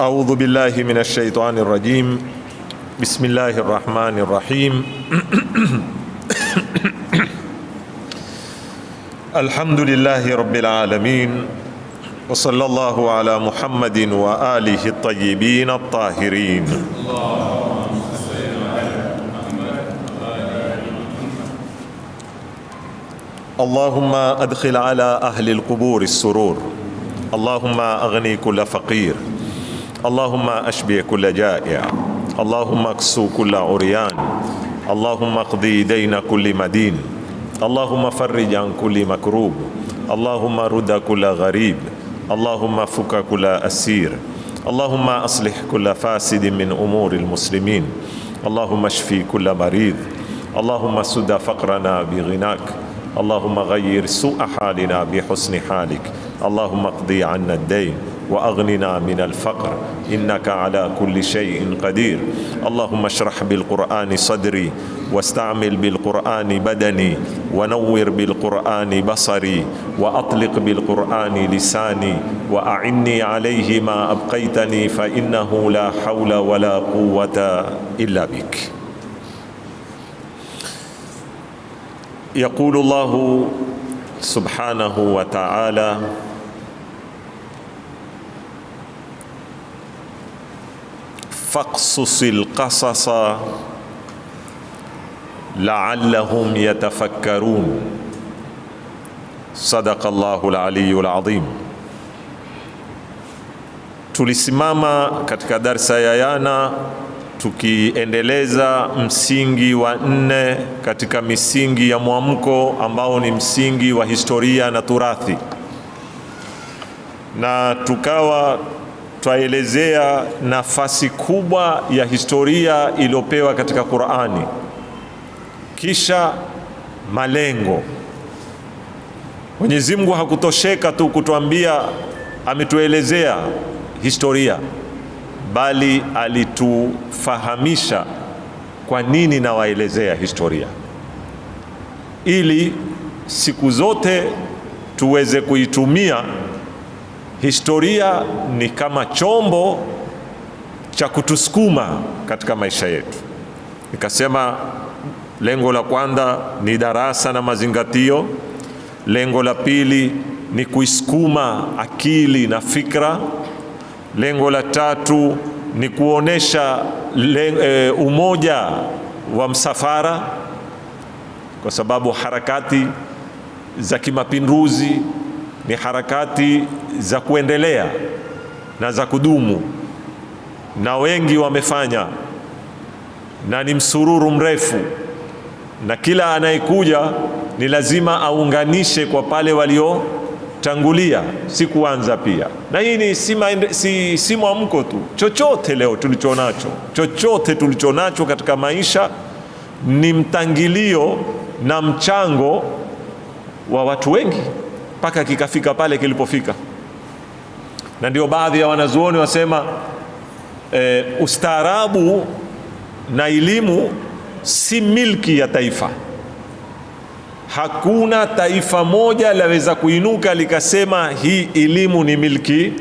أعوذ بالله من الشيطان الرجيم بسم الله الرحمن الرحيم الحمد لله رب العالمين وصلى الله على محمد وآله الطيبين الطاهرين اللهم أدخل على أهل القبور السرور اللهم أغني كل فقير اللهم اشبي كل جائع اللهم اكسو كل عريان اللهم اقضي دين كل مدين اللهم فرج عن كل مكروب اللهم رد كل غريب اللهم فك كل اسير اللهم اصلح كل فاسد من امور المسلمين اللهم اشفي كل مريض اللهم سد فقرنا بغناك اللهم غير سوء حالنا بحسن حالك اللهم اقضي عنا الدين وأغننا من الفقر إنك على كل شيء قدير اللهم اشرح بالقرآن صدري واستعمل بالقرآن بدني ونور بالقرآن بصري وأطلق بالقرآن لساني وأعني عليه ما أبقيتني فإنه لا حول ولا قوة إلا بك يقول الله سبحانه وتعالى faqsusi lqasasa laallahum yatafakkarun. Sadaqa llahu laliyu ladhim. Tulisimama katika darsa ya yana tukiendeleza msingi wa nne katika misingi ya mwamko ambao ni msingi wa historia na turathi na tukawa twaelezea nafasi kubwa ya historia iliyopewa katika Qur'ani, kisha malengo. Mwenyezi Mungu hakutosheka tu kutuambia ametuelezea historia, bali alitufahamisha kwa nini nawaelezea historia, ili siku zote tuweze kuitumia Historia ni kama chombo cha kutusukuma katika maisha yetu. Nikasema lengo la kwanza ni darasa na mazingatio, lengo la pili ni kuisukuma akili na fikra, lengo la tatu ni kuonesha e, umoja wa msafara, kwa sababu harakati za kimapinduzi ni harakati za kuendelea na za kudumu, na wengi wamefanya, na ni msururu mrefu, na kila anayekuja ni lazima aunganishe kwa pale waliotangulia, si kuanza pia. Na hii ni si, si, si mwamko tu, chochote leo tulichonacho, chochote tulichonacho katika maisha ni mtangilio na mchango wa watu wengi mpaka kikafika pale kilipofika. Na ndio baadhi ya wanazuoni wasema e, ustaarabu na elimu si milki ya taifa. Hakuna taifa moja laweza kuinuka likasema hii elimu ni milki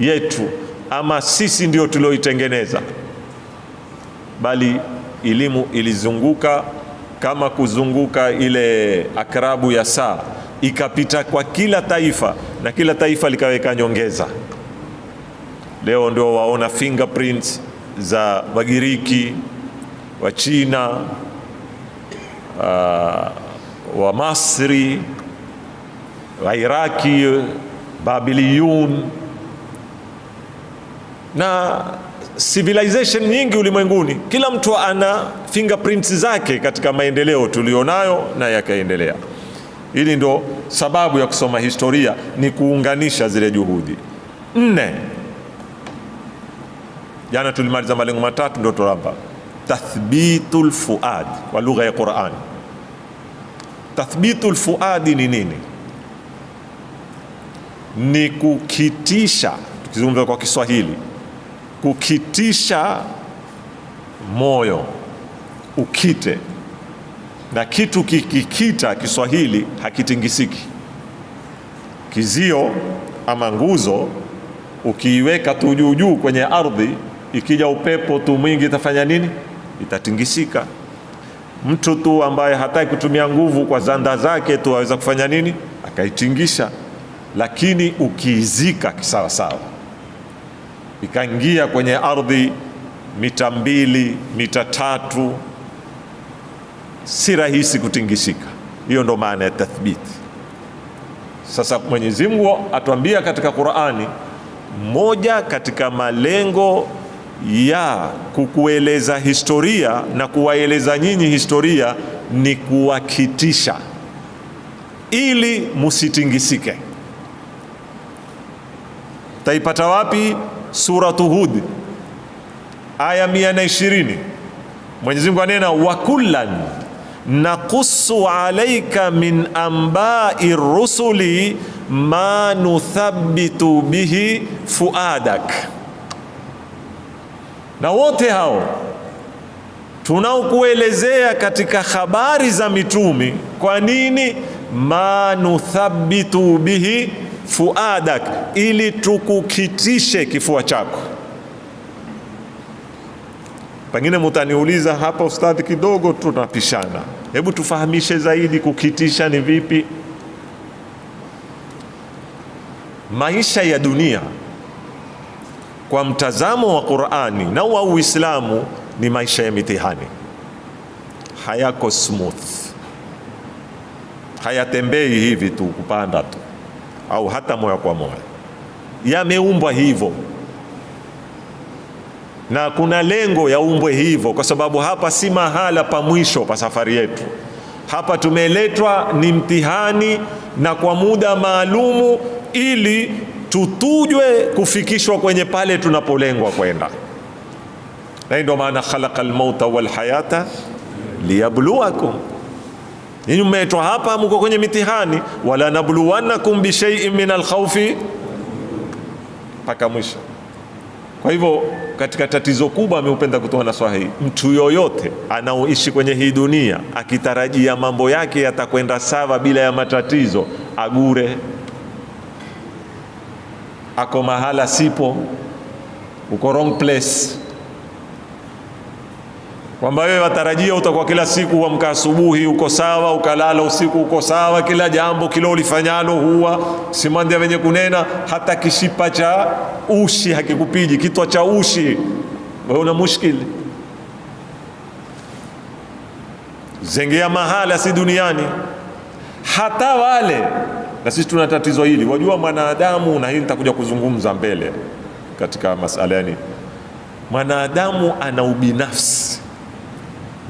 yetu ama sisi ndio tulioitengeneza, bali elimu ilizunguka kama kuzunguka ile akrabu ya saa ikapita kwa kila taifa na kila taifa likaweka nyongeza. Leo ndio waona fingerprints za Wagiriki, wa China, uh, wa Masri, wa Iraki, Babiliyun na civilization nyingi ulimwenguni. Kila mtu ana fingerprints zake katika maendeleo tulionayo na yakaendelea. Hili ndo sababu ya kusoma historia, ni kuunganisha zile juhudi nne. Jana tulimaliza malengo matatu, ndo toraba tathbitul fuad kwa lugha ya Qurani. Tathbitul lfuadi ni nini? Ni kukitisha, tukizungumza kwa Kiswahili, kukitisha moyo ukite na kitu kikikita Kiswahili hakitingisiki. Kizio ama nguzo ukiiweka tu juu juu kwenye ardhi, ikija upepo tu mwingi itafanya nini? Itatingisika. Mtu tu ambaye hataki kutumia nguvu kwa zanda zake tu aweza kufanya nini? Akaitingisha. Lakini ukiizika kisawasawa, ikaingia kwenye ardhi mita mbili mita tatu si rahisi kutingishika. Hiyo ndo maana ya tathbiti. Sasa Mwenyezi Mungu atuambia katika Qur'ani, moja katika malengo ya kukueleza historia na kuwaeleza nyinyi historia ni kuwakitisha ili musitingisike. Taipata wapi? Suratu Hud aya 120, Mwenyezi Mungu anena wakullan Nakusu alayka min ambai rusuli ma nuthabitu bihi fuadak, na wote hao tunaokuelezea katika habari za mitumi. Kwa nini? ma nuthabitu bihi fuadak, ili tukukitishe kifua chako Pengine mutaniuliza hapa, ustadhi, kidogo tunapishana, hebu tufahamishe zaidi, kukitisha ni vipi? Maisha ya dunia kwa mtazamo wa Qur'ani na wa Uislamu ni maisha ya mitihani, hayako smooth, hayatembei hivi tu kupanda tu au hata moya kwa moya yameumbwa hivyo na kuna lengo ya umbwe hivyo, kwa sababu hapa si mahala pa mwisho pa safari yetu. Hapa tumeletwa ni mtihani na kwa muda maalumu, ili tutujwe kufikishwa kwenye pale tunapolengwa kwenda, na ndio maana khalaqa almauta walhayata liyabluwakum Ninyi mmeletwa hapa, mko kwenye mitihani. wala nabluwannakum bishaiin min alkhawfi, mpaka mwisho. Kwa hivyo katika tatizo kubwa ameupenda kutoa nasaha hii. Mtu yoyote anaoishi kwenye hii dunia akitarajia mambo yake yatakwenda sawa bila ya matatizo, agure ako mahala sipo, uko wrong place kwamba wewe watarajia utakuwa kila siku uamka asubuhi uko sawa, ukalala usiku uko sawa, kila jambo kila ulifanyalo huwa simandia venye kunena. Hata kishipa cha ushi hakikupiji, kitwa cha ushi, wewe una mushkili zengea mahala, si duniani. Hata wale na sisi tuna tatizo hili, wajua mwanadamu, na hili nitakuja kuzungumza mbele katika masala yani, mwanadamu ana ubinafsi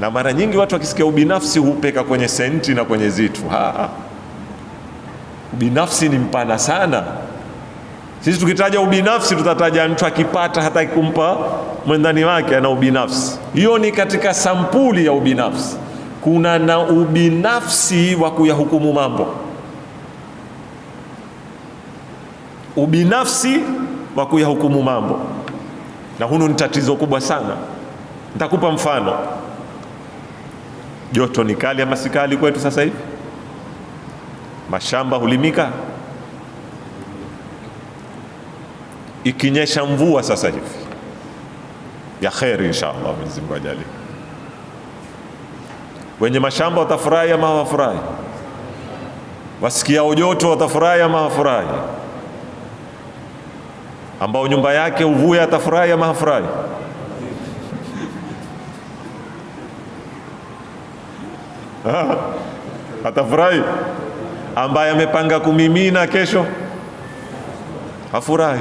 na mara nyingi watu wakisikia ubinafsi hupeka kwenye senti na kwenye zitu ha. Ubinafsi ni mpana sana. Sisi tukitaja ubinafsi tutataja mtu akipata hata kumpa mwendani wake, ana ubinafsi. Hiyo ni katika sampuli ya ubinafsi. Kuna na ubinafsi wa kuyahukumu mambo, ubinafsi wa kuyahukumu mambo, na huno ni tatizo kubwa sana. Nitakupa mfano. Joto ni kali ama si kali kwetu sasa hivi? Mashamba hulimika ikinyesha mvua sasa hivi ya kheri, insha Allah, Mwenyezi Mungu ajali, Wenye mashamba watafurahi ama hawafurahi? Wasikiao joto watafurahi ama hawafurahi? Ambao nyumba yake uvuya atafurahi ama hafurahi? atafurahi ambaye amepanga kumimina kesho afurahi,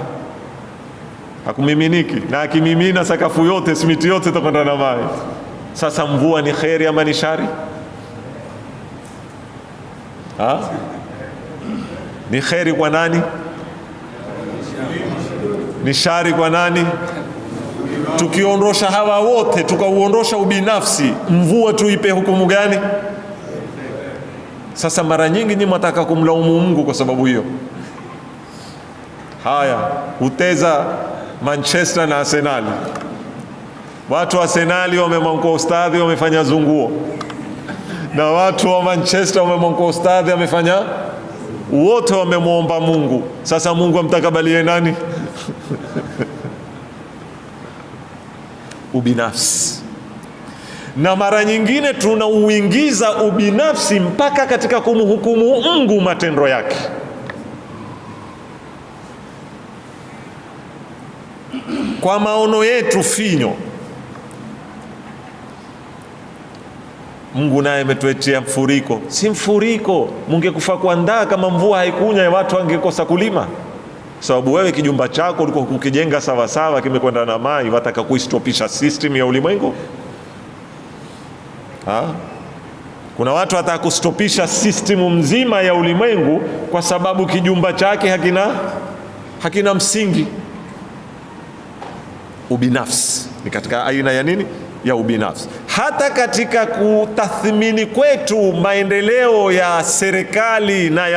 hakumiminiki. Na akimimina sakafu yote simiti yote itakwenda na maji. Sasa mvua ni kheri ama ni shari ha? Ni kheri kwa nani? Ni shari kwa nani? tukiondosha hawa wote tukauondosha ubinafsi, mvua tuipe hukumu gani? Sasa mara nyingi ni mwataka kumlaumu Mungu kwa sababu hiyo. Haya, uteza Manchester na Arsenal. Watu wa Arsenal wamemwanka ustadhi wamefanya zunguo, na watu wa Manchester wamemwanka ustadhi wamefanya wote, wamemwomba Mungu. Sasa Mungu amtakabalie nani? ubinafsi, na mara nyingine tunauingiza ubinafsi mpaka katika kumhukumu Mungu matendo yake. Kwa maono yetu finyo, Mungu naye ametuetea mfuriko. Si mfuriko, mungekufa ndaa kama mvua haikunya watu wangekosa kulima sababu wewe kijumba chako uliko kukijenga sawasawa, kimekwenda na mai, wataka kuistopisha system ya ulimwengu ha? Kuna watu wataka kustopisha system mzima ya ulimwengu kwa sababu kijumba chake hakina, hakina msingi. Ubinafsi ni katika aina ya nini ya ubinafsi. Hata katika kutathmini kwetu maendeleo ya serikali na ya